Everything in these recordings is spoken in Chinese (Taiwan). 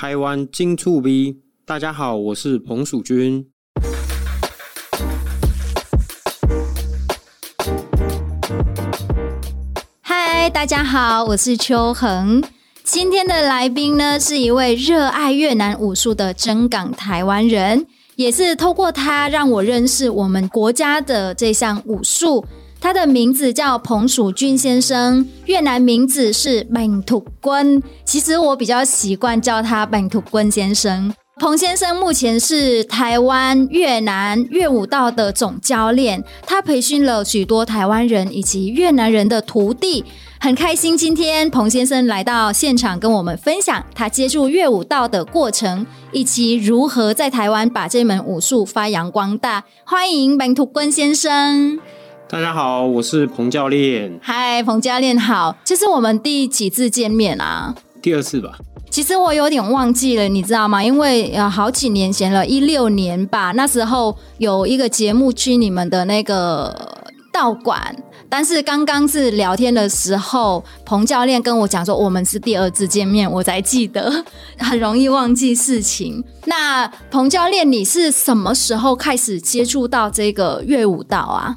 台灣金觸 B，大家好，我是彭蜀鈞。嗨，大家好，我是邱恆。今天的來賓呢，是一位熱愛越南武術的正港台灣人，也是透過他讓我認識我們國家的這項武術。他的名字叫彭蜀鈞先生，越南名字是本土坤。其實我比較習慣叫他本土坤先生。彭先生目前是台灣越南越武道的總教練，他培訓了許多台灣人以及越南人的徒弟。很開心今天彭先生來到現場跟我們分享他接觸越武道的過程，以及如何在台灣把這門武術發揚光大。歡迎本土坤先生。大家好，我是彭教練。嗨，彭教練好。這是我們第幾次見面啊？第二次吧。其實我有點忘記了，你知道嗎？因為、呃、好幾年前了，一六年吧，那時候有一個節目去你們的那個道館。但是剛剛是聊天的時候，彭教練跟我講說我們是第二次見面，我才記得。很容易忘記事情。那彭教練，你是什麼時候開始接觸到這個越武道啊？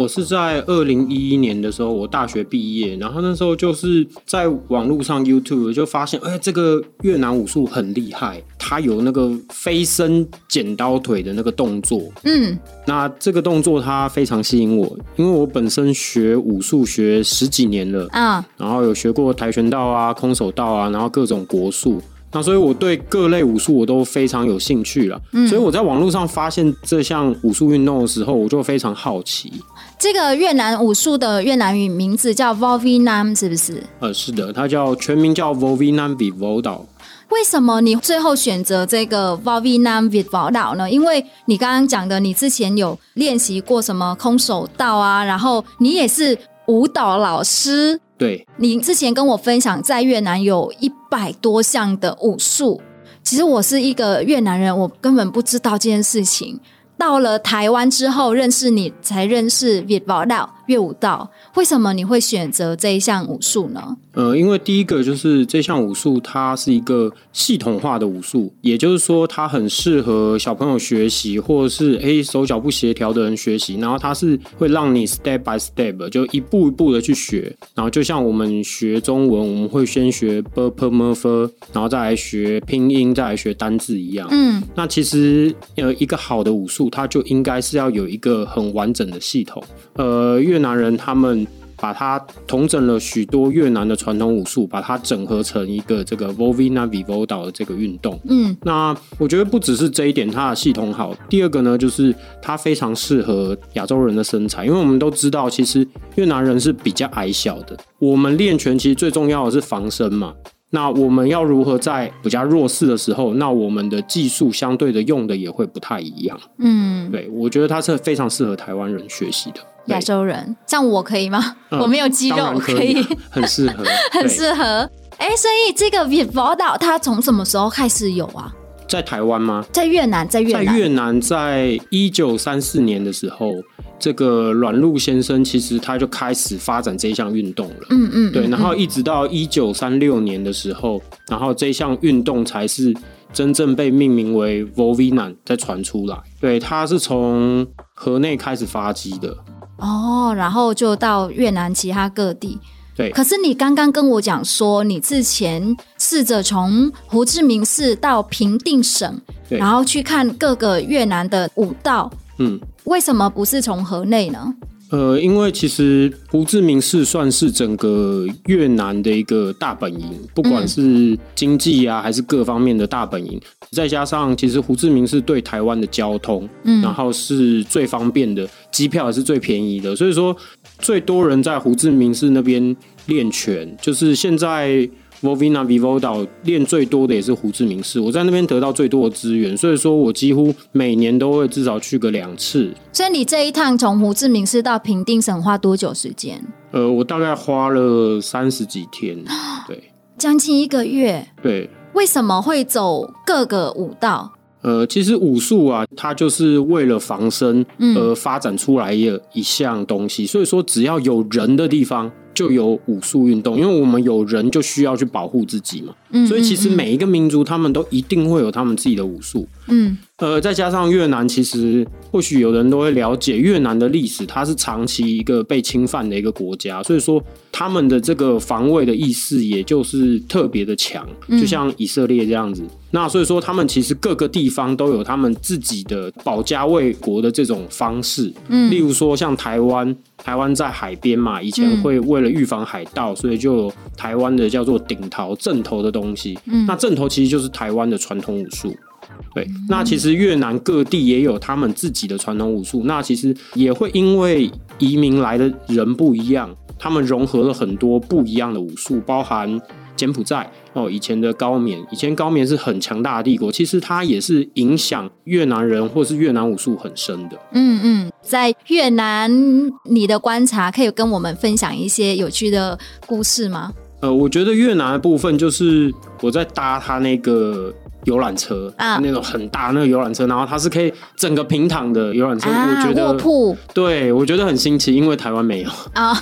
我是在二零一一年的時候，我大學畢業，然後那時候就是在網絡上 YouTube 就發現，哎、欸，這個越南武術很厲害，它有那個飛身剪刀腿的那個動作，嗯，那這個動作它非常吸引我，因為我本身學武術學十幾年了，啊、哦，然後有學過跆拳道啊、空手道啊，然後各種國術，那所以我對各類武術我都非常有興趣了，嗯、所以我在網絡上發現這項武術運動的時候，我就非常好奇。這個越南武術的越南語名字叫 Vovinam，是不是？呃，是的，它叫全名叫 Vovinam Việt Võ Đạo。為什麼你最後選擇這個 Vovinam Việt Võ Đạo 呢？因為你剛剛講的，你之前有練習過什麼空手道啊，然後你也是舞蹈老師，對。你之前跟我分享，在越南有一百多項的武術。其實我是一個越南人，我根本不知道這件事情。到了台灣之後，認識你，才認識越武道越武道，為什麼你會選擇這一項武術呢？呃，因為第一個就是這項武術它是一個系統化的武術，也就是說它很適合小朋友學習，或者是哎、欸、手腳不協調的人學習。然後它是會讓你 step by step，就一步一步的去學。然後就像我們學中文，我們會先學 ㄅㄆㄇㄈ，然後再來學拼音，再來學單字一樣。嗯，那其實呃一個好的武術，它就應該是要有一個很完整的系統。呃，因為越南人他們把它統整了許多越南的傳統武術，把它整合成一個這個 Vovinam Việt Võ Đạo 的這個運動。嗯，那我覺得不只是這一點，它的系統好。第二個呢，就是它非常適合亞洲人的身材，因為我們都知道，其實越南人是比較矮小的。我們練拳其實最重要的是防身嘛。那我們要如何在比較弱勢的時候，那我們的技術相對的用的也會不太一樣。嗯，對，我覺得它是非常適合台灣人學習的。亞對洲人像我可以嗎？嗯、我沒有肌肉，可以，啊、可以很適合， 很適合。哎對、欸，所以這個越武道，它從什麼時候開始有啊？在台灣嗎？在越南，在越南，在越南，在一九三四年的時候，這個阮祿先生其實他就開始發展這項運動了。嗯嗯，嗯對，然後一直到一九三六年的時候，嗯、然後這項運動才是真正被命名為 Vovinam 再傳出來。對，它是從河內開始發跡的。哦，然後就到越南其他各地。對，可是你剛剛跟我講說，你之前試着從胡志明市到平定省，對然後去看各個越南的武道。嗯，為什麼不是從河內呢？呃，因為其實胡志明市算是整個越南的一個大本營，不管是經濟啊還是各方面的大本營，再加上其實胡志明市對台灣的交通，嗯，然後是最方便的，機票也是最便宜的，所以說最多人在胡志明市那邊練拳，就是現在。Vovinam 越武道練最多的也是胡志明市。我在那邊得到最多的資源，所以說我幾乎每年都會至少去個兩次。所以你這一趟從胡志明市到平定省花多久時間？呃，我大概花了三十幾天，對，將近一個月。對，為什麼會走各個武道？呃，其實武術啊，它就是為了防身而發展出來的一項東西，嗯，所以說只要有人的地方，就有武術運動，因為我們有人就需要去保護自己嘛，嗯嗯嗯。所以其實每一個民族他們都一定會有他們自己的武術。嗯，呃，再加上越南，其實或許有人都會了解越南的歷史，它是長期一個被侵犯的一個國家，所以說他們的這個防衛的意識也就是特別的強，就像以色列這樣子。嗯，那所以說，他們其實各個地方都有他們自己的保家衛國的這種方式。嗯，例如說像台灣。台灣在海邊嘛，以前會為了預防海盜，嗯、所以就有台灣的叫做頂頭、陣頭的東西。嗯、那陣頭其實就是台灣的傳統武術。對，嗯、那其實越南各地也有他們自己的傳統武術。那其實也會因為移民來的人不一樣，他們融合了很多不一樣的武術，包含。柬埔寨哦，以前的高棉，以前高棉是很強大的帝國，其實它也是影響越南人或是越南武術很深的。嗯嗯，在越南，你的觀察可以跟我們分享一些有趣的故事嗎？呃，我覺得越南的部分就是我在搭他那個遊覽車，啊，那種很大那個遊覽車，然後它是可以整個平躺的遊覽車，啊、我覺得，鋪對，我覺得很新奇，因為台灣沒有啊、哦。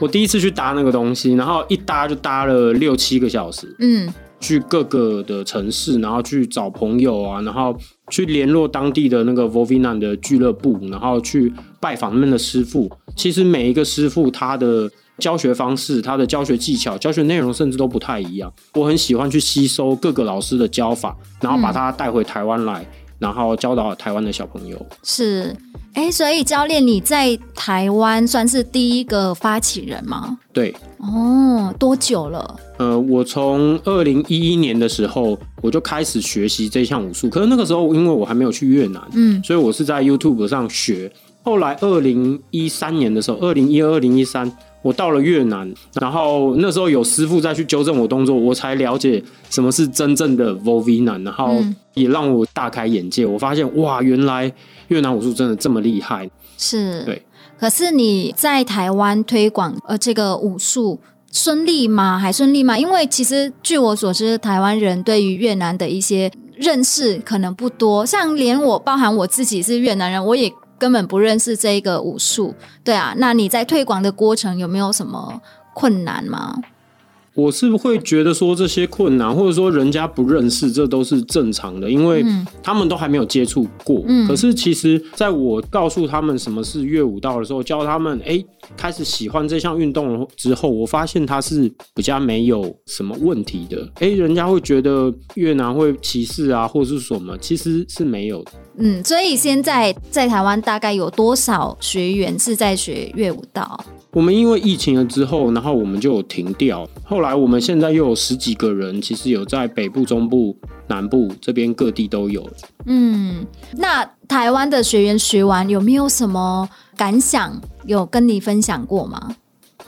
我第一次去搭那個東西，然後一搭就搭了六七個小時，嗯，去各個的城市，然後去找朋友啊，然後去聯絡當地的那個 Vovinam 的俱樂部，然後去拜訪他們的師傅。其實每一個師傅他的。教學方式，他的教學技巧，教學內容，甚至都不太一樣。我很喜歡去吸收各個老師的教法，然後把它帶回台灣來，嗯、然後教導台灣的小朋友。是。欸，所以教練你在台灣算是第一個發起人嗎？對，哦，多久了？呃，我從二零一一年的時候我就開始學習這項武術，可是那個時候因為我還沒有去越南，嗯，所以我是在 YouTube 上學。後來二零一三年的時候，二零一二、二零一三。我到了越南，然後那時候有師傅再去糾正我動作，我才了解什麼是真正的 Vovinam，然後也讓我大開眼界。嗯、我發現哇，原來越南武術真的這麼厲害。是，對。可是你在台灣推廣呃，這個武術順利嗎？還順利嗎？因為其實據我所知，台灣人對於越南的一些認識可能不多，像連我包含我自己是越南人，我也。根本不認識這個武術，對啊，那你在推廣的過程有沒有什麼困難嗎？我是不會覺得說這些困難，或者說人家不認識，這都是正常的，因為他們都還沒有接觸過。嗯、可是其實，在我告訴他們什麼是越武道的時候，教他們哎、欸、開始喜歡這項運動了之後，我發現他是比較沒有什麼問題的。哎、欸，人家會覺得越南會歧視啊，或是什麼，其實是沒有的。嗯，所以現在在台灣大概有多少學員是在學越武道？我們因為疫情了之後，然後我們就有停掉。後來我們現在又有十幾個人，嗯、其實有在北部、中部、南部這邊各地都有。嗯，那台灣的學員學完有沒有什麼感想？有跟你分享過嗎？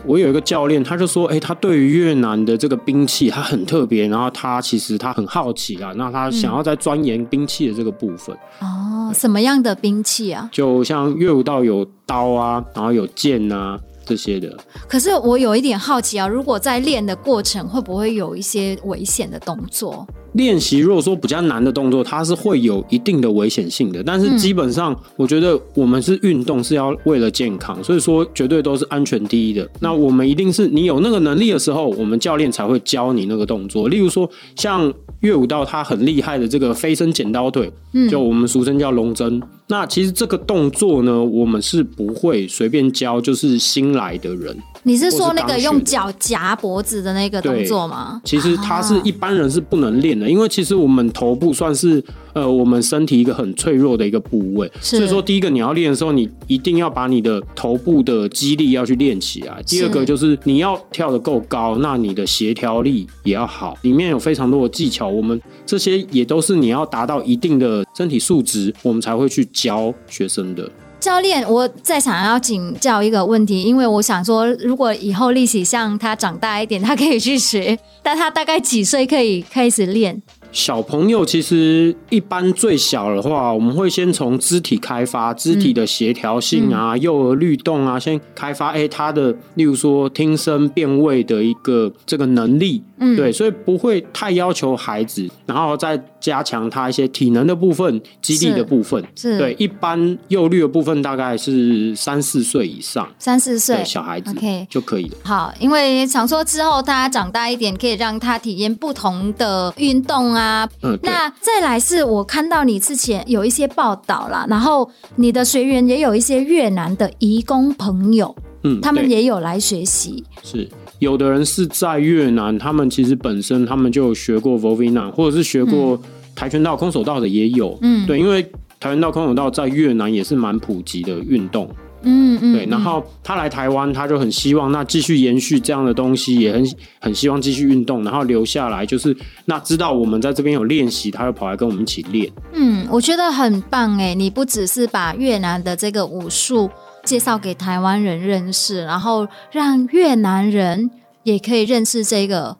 我有一個教練，他就說：“哎、欸，他對於越南的這個兵器，他很特別，然後他其實他很好奇啊，那他想要在鑽研兵器的這個部分。嗯”哦，什麼樣的兵器啊？就像越武道有刀啊，然後有劍啊。這些的，可是我有一點好奇啊，如果在練的過程會不會有一些危險的動作？練習如果說比較難的動作，它是會有一定的危險性的。但是基本上，我覺得我們是運動是要為了健康，所以說絕對都是安全第一的。那我們一定是你有那個能力的時候，我們教練才會教你那個動作。例如說，像越武道他很厲害的這個飛身剪刀腿，就我們俗稱叫龍針。那其實這個動作呢，我們是不會隨便教，就是新來的人。你是說那個用腳夾脖子的那個動作嗎？其實它是一般人是不能練的，因為其實我們頭部算是呃，我們身體一個很脆弱的一個部位。是所以說，第一個你要練的時候，你一定要把你的頭部的肌力要去練起來。第二個就是你要跳得夠高，那你的協調力也要好。裡面有非常多的技巧，我們這些也都是你要達到一定的身體素質，我們才會去教學生的。教練，我在想要請教一個問題，因為我想說，如果以後立起像他長大一點，他可以去學，但他大概幾歲可以開始練？小朋友其實一般最小的話，我們會先從肢體開發，肢體的協調性啊，嗯、幼兒律動啊，先開發。哎，他的例如說聽聲辨位的一個這個能力。嗯，對，所以不會太要求孩子，然後再加強他一些體能的部分、肌力的部分。是，是對，一般幼綠的部分大概是三四歲以上，三四歲小孩子，OK 就可以了。Okay. 好，因為想說之後他長大一點，可以讓他體驗不同的運動啊。嗯，那再來是我看到你之前有一些報道啦，然後你的學員也有一些越南的移工朋友，嗯，他們也有來學習。是。有的人是在越南，他們其實本身他們就有學過 Vovinam 或者是學過跆拳道、嗯、空手道的也有。嗯，對，因為跆拳道、空手道在越南也是蠻普及的運動。嗯嗯。嗯對，嗯、然後他來台灣，他就很希望那繼續延續這樣的東西，也很很希望繼續運動，然後留下來，就是那知道我們在這邊有練習，他就跑來跟我們一起練。嗯，我覺得很棒誒，你不只是把越南的這個武術，介紹給台灣人認識，然後讓越南人也可以認識這個，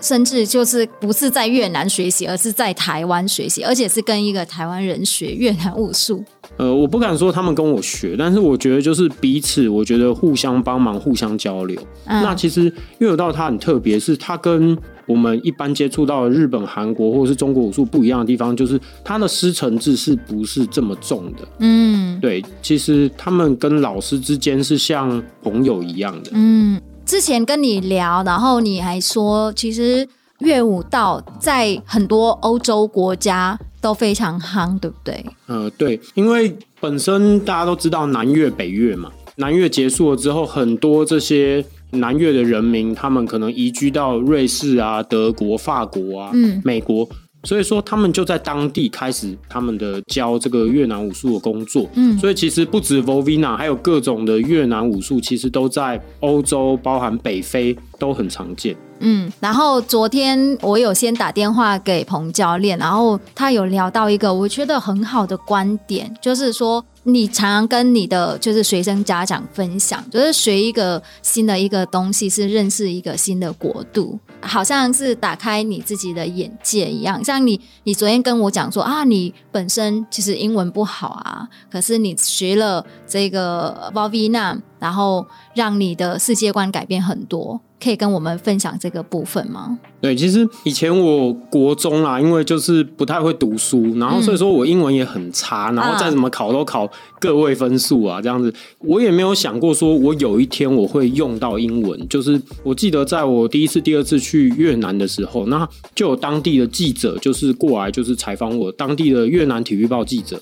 甚至就是不是在越南學習，而是在台灣學習，而且是跟一個台灣人學越南武術。呃，我不敢說他們跟我學，但是我覺得就是彼此，我覺得互相幫忙、互相交流。嗯、那其實越武道他很特別，是他跟我們一般接觸到的日本、韓國或者是中國武術不一樣的地方，就是他的師承制是不是這麼重的？嗯，對，其實他們跟老師之間是像朋友一樣的。嗯，之前跟你聊，然後你還說，其實。越武道在很多歐洲國家都非常夯，對不對？嗯、呃，對，因為本身大家都知道南越、北越嘛，南越結束了之後，很多這些南越的人民，他們可能移居到瑞士啊、德國、法國啊、嗯、美國，所以說他們就在當地開始他們的教這個越南武術的工作。嗯，所以其實不止 Vovina，還有各種的越南武術，其實都在歐洲，包含北非都很常見。嗯，然後昨天我有先打電話給彭教練，然後他有聊到一個我覺得很好的觀點，就是說你常常跟你的就是學生家長分享，就是學一個新的一個東西是認識一個新的國度，好像是打開你自己的眼界一樣。像你，你昨天跟我講說啊，你本身其實英文不好啊，可是你學了這個 Vovinam，然後讓你的世界觀改變很多。可以跟我們分享這個部分嗎？對，其實以前我國中啊，因為就是不太會讀書，然後所以說我英文也很差，嗯、然後再怎麼考都考個位分數啊，啊這樣子，我也沒有想過說我有一天我會用到英文。就是我記得在我第一次、第二次去越南的時候，那就有當地的記者就是過來就是採訪我，當地的越南體育報記者。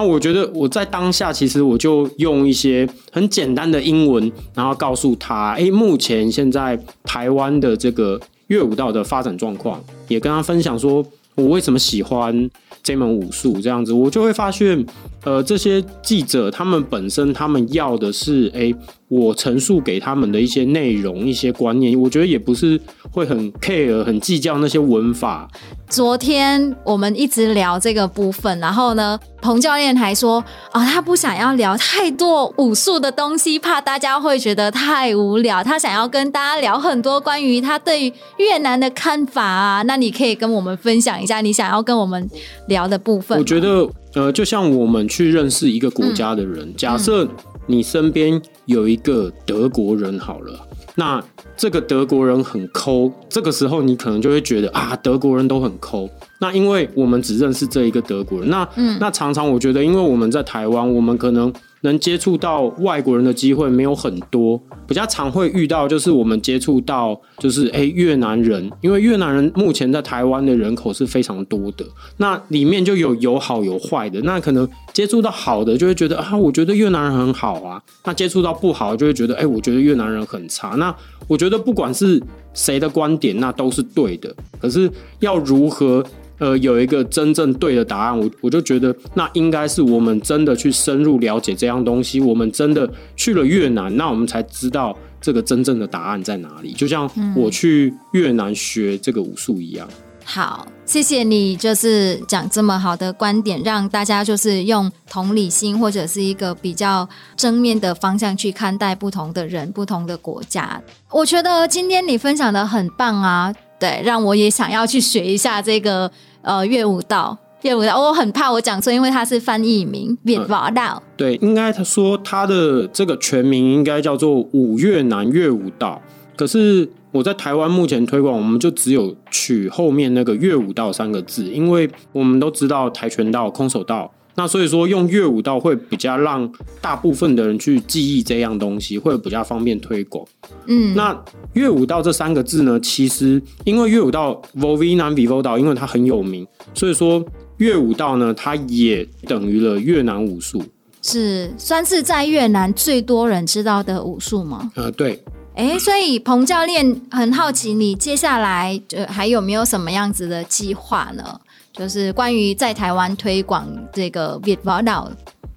那我覺得我在當下，其實我就用一些很簡單的英文，然後告訴他：哎、欸，目前現在台灣的這個越武道的發展狀況，也跟他分享說，我為什麼喜歡這門武術。這樣子，我就會發現，呃，這些記者他們本身，他們要的是，哎、欸，我陳述給他們的一些內容、一些觀念，我覺得也不是會很 care、很計較那些文法。昨天我們一直聊這個部分，然後呢？彭教練還說，啊、哦，他不想要聊太多武術的東西，怕大家會覺得太無聊。他想要跟大家聊很多關於他對越南的看法啊。那你可以跟我們分享一下你想要跟我們聊的部分。我覺得，呃，就像我們去認識一個國家的人，嗯嗯、假設你身邊有一個德國人，好了。那這個德國人很摳，這個時候你可能就會覺得啊，德國人都很摳。那因為我們只認識這一個德國人，那、嗯、那常常我覺得，因為我們在台灣，我們可能。能接觸到外國人的機會沒有很多，比較常會遇到就是我們接觸到就是誒，越南人，因為越南人目前在台灣的人口是非常多的，那裡面就有有好有壞的，那可能接觸到好的就會覺得啊，我覺得越南人很好啊，那接觸到不好就會覺得誒，我覺得越南人很差，那我覺得不管是誰的觀點，那都是對的，可是要如何？呃，有一個真正對的答案，我我就覺得那應該是我們真的去深入了解這樣東西，我們真的去了越南，那我們才知道這個真正的答案在哪裡。就像我去越南學這個武術一樣。嗯。好，謝謝你，就是講這麼好的觀點，讓大家就是用同理心或者是一個比較正面的方向去看待不同的人、不同的國家。我覺得今天你分享的很棒啊，對，讓我也想要去學一下這個。呃，越武道，越武道，我、哦、很怕我講錯，因為它是翻譯名，緬法、嗯、道。對，應該他說他的這個全名應該叫做“武越南越武道”，可是我在台灣目前推廣，我們就只有取後面那個“越武道”三個字，因為我們都知道跆拳道、空手道。那所以說，用越武道會比較讓大部分的人去記憶這樣東西，會比較方便推廣。嗯，那越武道這三個字呢，其實因為越武道 Vovinam Việt Võ Đạo 因為它很有名，所以說越武道呢，它也等於了越南武術。是，算是在越南最多人知道的武術嗎？啊、呃，對。哎，所以彭教練很好奇，你接下來就還有沒有什麼樣子的計劃呢？就是關於在台灣推廣這個 Viet Vo Dao。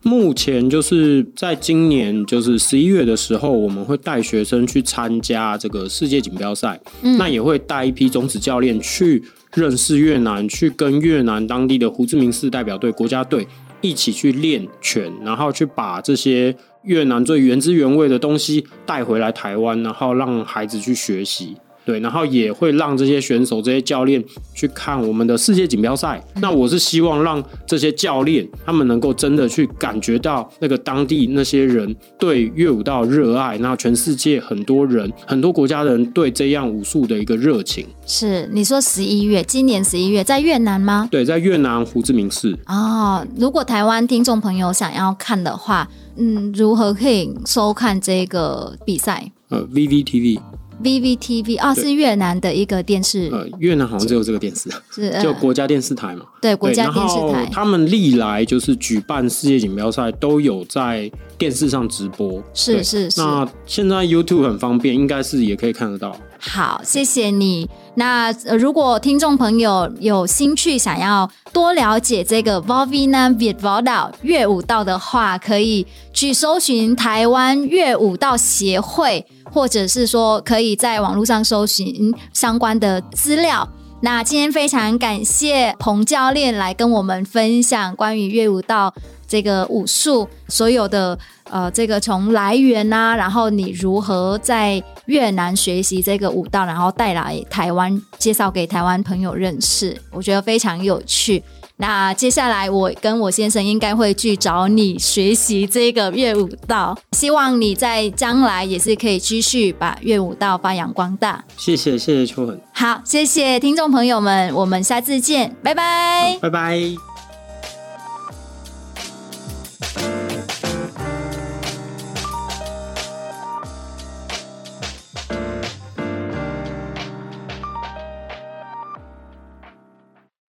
目前就是在今年就是十一月的時候，我們會帶學生去參加這個世界錦標賽。嗯、那也會帶一批種子教練去認識越南，去跟越南當地的胡志明市代表隊、國家隊一起去練拳，然後去把這些越南最原汁原味的東西帶回來台灣，然後讓孩子去學習。對，然後也會讓這些選手、這些教練去看我們的世界錦標賽。嗯、那我是希望讓這些教練他們能夠真的去感覺到那個當地那些人對越武道熱愛，那全世界很多人、很多國家的人對這樣武術的一個熱情。是，你說十一月，今年十一月在越南嗎？對，在越南胡志明市。哦，如果台灣聽眾朋友想要看的話，嗯，如何可以收看這個比賽？呃，V V T V。VVTV 啊，是越南的一個電視。呃，越南好像只有這個電視，是就、呃、國家電視台嘛。對，對國家電視台。然後他們歷來就是舉辦世界錦標賽，都有在電視上直播。對對是是是。那現在 YouTube 很方便，嗯、應該是也可以看得到。好，謝謝你。那、呃、如果聽眾朋友有興趣想要多了解這個 Vovinam Viet Vo Dao 越武道的話，可以去搜尋台灣越武道協會。或者是說，可以在網絡上搜尋相關的資料。那今天非常感謝彭教練來跟我們分享關於越武道這個武術所有的呃，這個從來源啊，然後你如何在越南學習這個武道，然後帶來台灣，介紹給台灣朋友認識，我覺得非常有趣。那接下來我跟我先生應該會去找你學習這個越武道，希望你在將來也是可以繼續把越武道發揚光大。謝謝謝謝蜀鈞，好謝謝聽眾朋友們，我們下次見，拜拜拜拜。